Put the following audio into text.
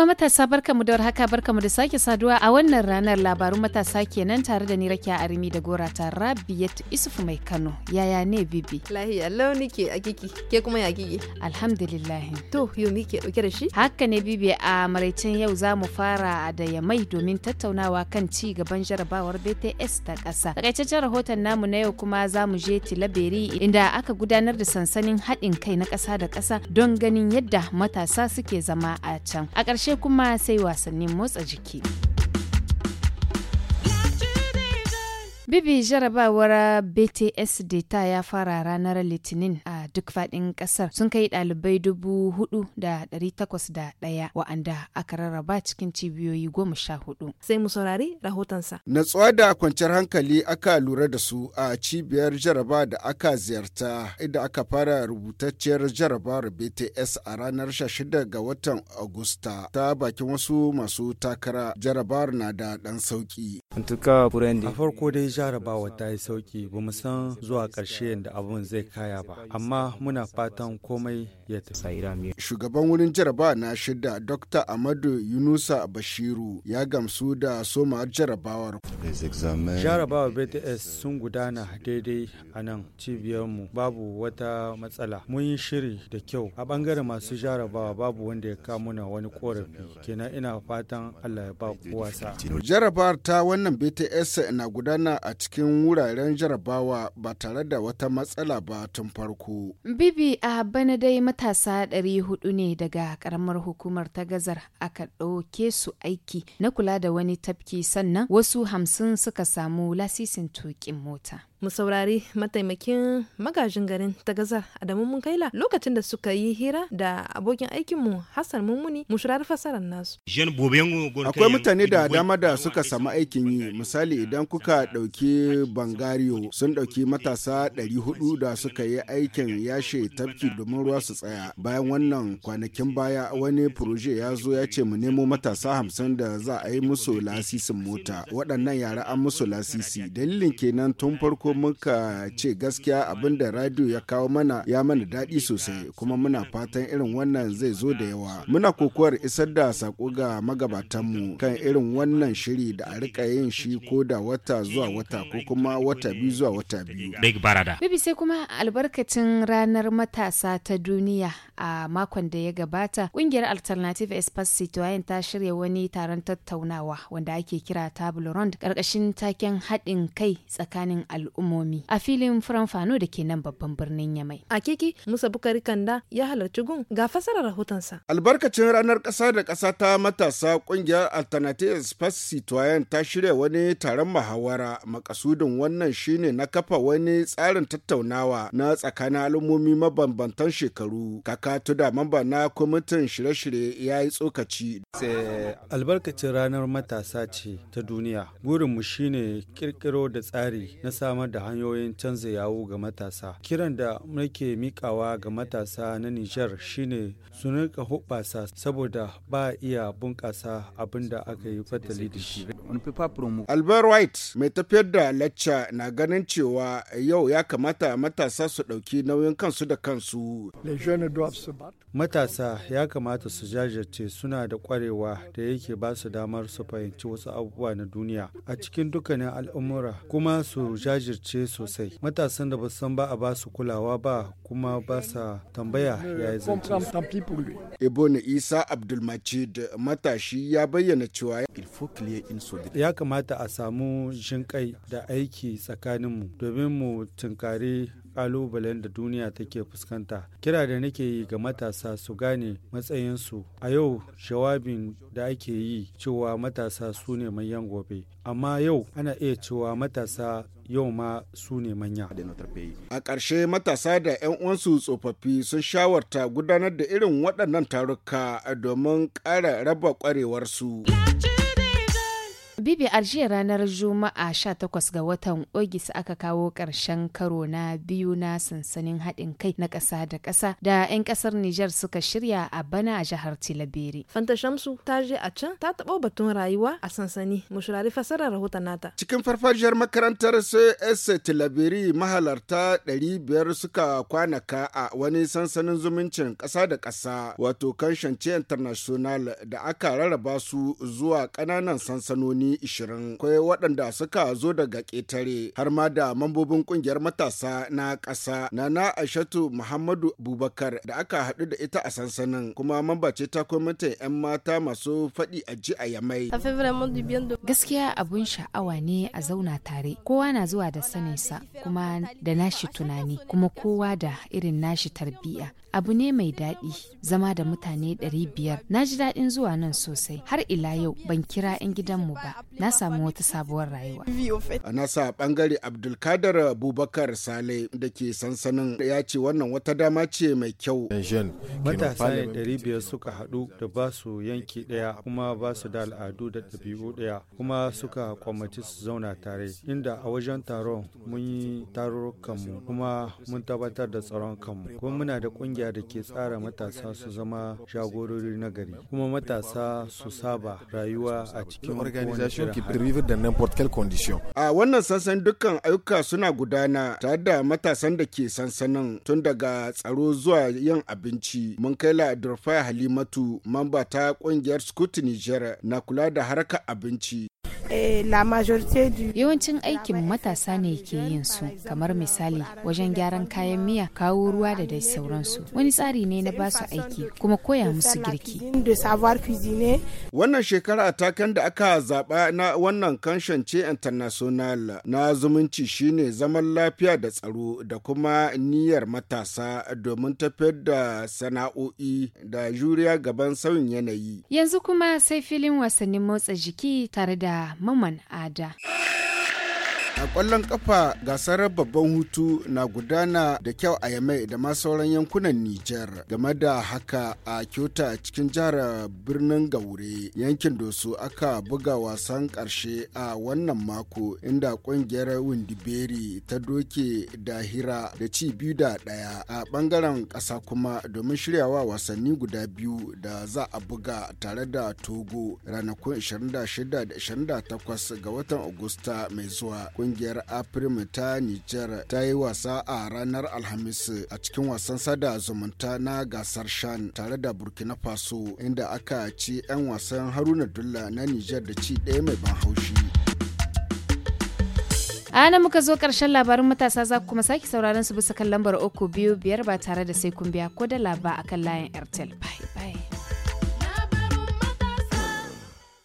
uwa matasa barkamu da warhaka barkamu da sake saduwa a wannan ranar labarun matasa kenan tare da ni rakiya arimi da gorata ta Isuf mai Kano. Yaya ne Bibi? Lahiya launi ke a ke kuma ya kiki Alhamdulillah. To yo ke dauke da shi? Haka ne Bibi a maraicen yau za mu fara da yamai domin tattaunawa kan ci gaban jarabawar BTS ta ƙasa. Takaitaccen rahoton namu na yau kuma za mu je Tilaberi inda aka gudanar da sansanin haɗin kai na ƙasa da ƙasa don ganin yadda matasa suke zama a can. A ƙarshe ƙarshe kuma sai wasannin motsa jiki. Bibi jarabawar BTS Data ya fara ranar Litinin a duk faɗin ƙasar sun kai ɗalibai dubu hudu da ɗari takwas da ɗaya wa'anda aka rarraba cikin cibiyoyi goma sha hudu. Sai mu saurari rahotonsa. Natsuwa da kwanciyar hankali aka lura da su a cibiyar jaraba da aka ziyarta inda aka fara rubutacciyar jarabar BTS a ranar 16 ga watan Agusta ta bakin wasu masu takara jarabar na da ɗan sauki. A farko dai jarabawa ta yi sauki ba san zuwa ƙarshe da abun zai kaya ba amma kuma muna fatan komai Shugaban wurin jaraba na shida Dr. Amadu Yunusa Bashiru ya gamsu da soma jarabawar. Jarabawar BTS sun gudana daidai a nan cibiyarmu babu wata matsala. Mun yi shiri da kyau a bangaren masu jarabawa babu wanda ya kamuna wani korafi kenan ina fatan Allah ya ba Jarabawar ta wannan BTS na gudana a cikin wuraren jarabawa ba tare da wata matsala ba tun farko. Bibi a bana dai mata matasa 400 ne daga karamar hukumar ta gazar aka ɗauke su aiki na kula da wani tafki sannan wasu hamsin suka samu lasisin tuƙin mota. mu saurari mataimakin magajin garin ta gaza adamu mun kaila lokacin da suka yi hira da abokin aikinmu hassan mummuni shirar fasarar nasu akwai mutane da dama da suka samu aikin yi misali idan kuka ɗauki bangario sun ɗauki matasa 400 da suka yi aikin yashe tafki domin ruwa su tsaya bayan wannan kwanakin baya wani proje ya zo ya ce mu nemo matasa hamsin da za a yi musu lasisin mota waɗannan yara an musu lasisi dalilin kenan tun farko farko muka ce gaskiya abin da radio ya kawo mana ya mana daɗi sosai kuma muna fatan irin wannan zai zo da yawa. Muna kokowar isar da sako ga magabatanmu kan irin wannan shiri da a rika yin shi ko da wata zuwa wata ko kuma wata biyu zuwa wata biyu. Bibi sai kuma albarkacin ranar matasa ta duniya a makon da ya gabata kungiyar Alternative Espace Citoyen ta shirya wani taron tattaunawa wanda ake kira table round karkashin taken haɗin kai tsakanin al'umma. al'ummomi a filin faranfano da ke nan babban birnin Yamai. A keke Musa Bukari Kanda ya halarci gun ga fasarar rahotonsa. Albarkacin ranar ƙasa da kasa ta matasa ƙungiyar Alternative Space Citoyen ta shirya wani taron muhawara makasudin wannan shine na kafa wani tsarin tattaunawa na tsakanin al'ummomi mabambantan shekaru. Kaka tuda mamba na kwamitin shirye-shirye ya yi tsokaci. Albarkacin ranar matasa ce ta duniya. Burinmu shine kirkiro da tsari na samar da hanyoyin canza yawo ga matasa. Kiran da muke mikawa ga matasa na Nijar shine su rinka hubasa saboda ba iya bunƙasa abin da aka yi fatali da shi. Albert White mai tafiyar da lacca na ganin cewa yau ya kamata matasa su dauki nauyin kansu da kansu. Matasa ya kamata su jajirce suna da kwarewa da yake ba su damar su fahimci wasu abubuwa na duniya a cikin dukkanin al'umura kuma su jajirce jajirce sosai matasan da ba san ba a ba su kulawa ba kuma ba sa tambaya ya yi zance na isa abdulmajid matashi ya bayyana cewa ya kamata a samu jinƙai da aiki tsakaninmu domin mu tunkari kalubalen da duniya take fuskanta kira da nake yi ga matasa su gane matsayinsu a yau shawabin da ake yi cewa matasa su ne manyan gobe amma yau ana iya cewa matasa yau ma su ne manya. A ƙarshe matasa da 'yan uwansu tsofaffi sun shawarta gudanar da irin waɗannan taruka domin ƙara raba ƙwarewarsu. Bibi a jiya ranar Juma'a 18 ga watan Ogis aka kawo ƙarshen karo na biyu na sansanin haɗin kai na ƙasa da ƙasa da 'yan ƙasar Nijar suka shirya a bana a jihar tilabiri Fanta Shamsu ta je a can ta taɓo batun rayuwa a sansani mushurari fasara rahoton nata. Cikin farfajiyar makarantar CS Tilaberi mahalarta 500 suka kwanaka a wani sansanin zumuncin ƙasa da ƙasa wato Kansance International da aka rarraba su zuwa ƙananan sansanoni wasanni 20 waɗanda suka zo daga ƙetare har ma da mambobin ƙungiyar matasa na ƙasa nana aishatu muhammadu bubakar da aka haɗu da ita a sansanin kuma mambace ta kwamitin 'yan mata masu faɗi a ji a yamai gaskiya abun sha'awa ne a zauna tare kowa na zuwa da saninsa kuma da nashi tunani kuma kowa da irin nashi tarbiyya abu ne mai daɗi zama da mutane 500 na ji daɗin zuwa nan sosai har ila yau ban kira 'yan gidanmu ba na samu wata sabuwar rayuwa. A nasa bangare Abdulkadir Abubakar Sale da ke sansanin ya ce wannan wata dama ce mai kyau. Matasa ne ɗari biyar suka haɗu da ba su yanki ɗaya kuma ba su da al'adu da ɗabi'u ɗaya kuma suka kwamati su zauna tare inda a wajen taron mun yi tarurrukanmu kuma mun tabbatar da tsaron kanmu kuma muna da ƙungiya da ke tsara matasa su zama jagorori na gari kuma matasa su saba rayuwa a cikin A wannan sansan dukkan ayyuka suna gudana tare da matasan da ke sansanin tun daga tsaro zuwa yin abinci. Mun kai la dar-fa Halimatu, mamba ta kungiyar Scout Niger na kula da harka abinci. Eh, Yawancin aikin matasa ne ke yin su, kamar misali wajen gyaran kayan miya, kawo ruwa da dai sauransu. Wani tsari ne na basu aiki kuma koya musu girki. Wannan shekara kan da aka zaɓa zaɓa na wannan kanshan ce international na zumunci shine zaman lafiya da tsaro da kuma niyyar matasa domin tafiyar da sana'o'i da juriya gaban sauyin yanayi. Yanzu kuma sai filin wasannin motsa jiki tare da Maman Ada. A ƙwallon ƙafa gasar babban hutu na gudana da kyau a Yamai da ma sauran yankunan Nijar. Game da haka a Kyoto cikin jihar birnin Gaure yankin Doso aka buga wasan ƙarshe a wannan mako inda ƙungiyar Windiberi ta doke da hira da ci biyu da ɗaya a ɓangaren ƙasa kuma domin shiryawa wasanni guda biyu da za a buga tare da Togo ranakun 26 da 28 ga watan Agusta mai zuwa. Kungiyar Afirma ta Nijar ta yi wasa a ranar Alhamis a cikin wasan sada zumunta na gasar Shan tare da Burkina Faso inda aka ci 'yan wasan Haruna Dulla na Nijar da ci ɗaya mai ban haushi. nan muka zo ƙarshen labarin matasa za kuma sake sauraron su bisa kan lambar uku biyu biyar ba tare da sai kun biya ko da laba akan layin airtel bye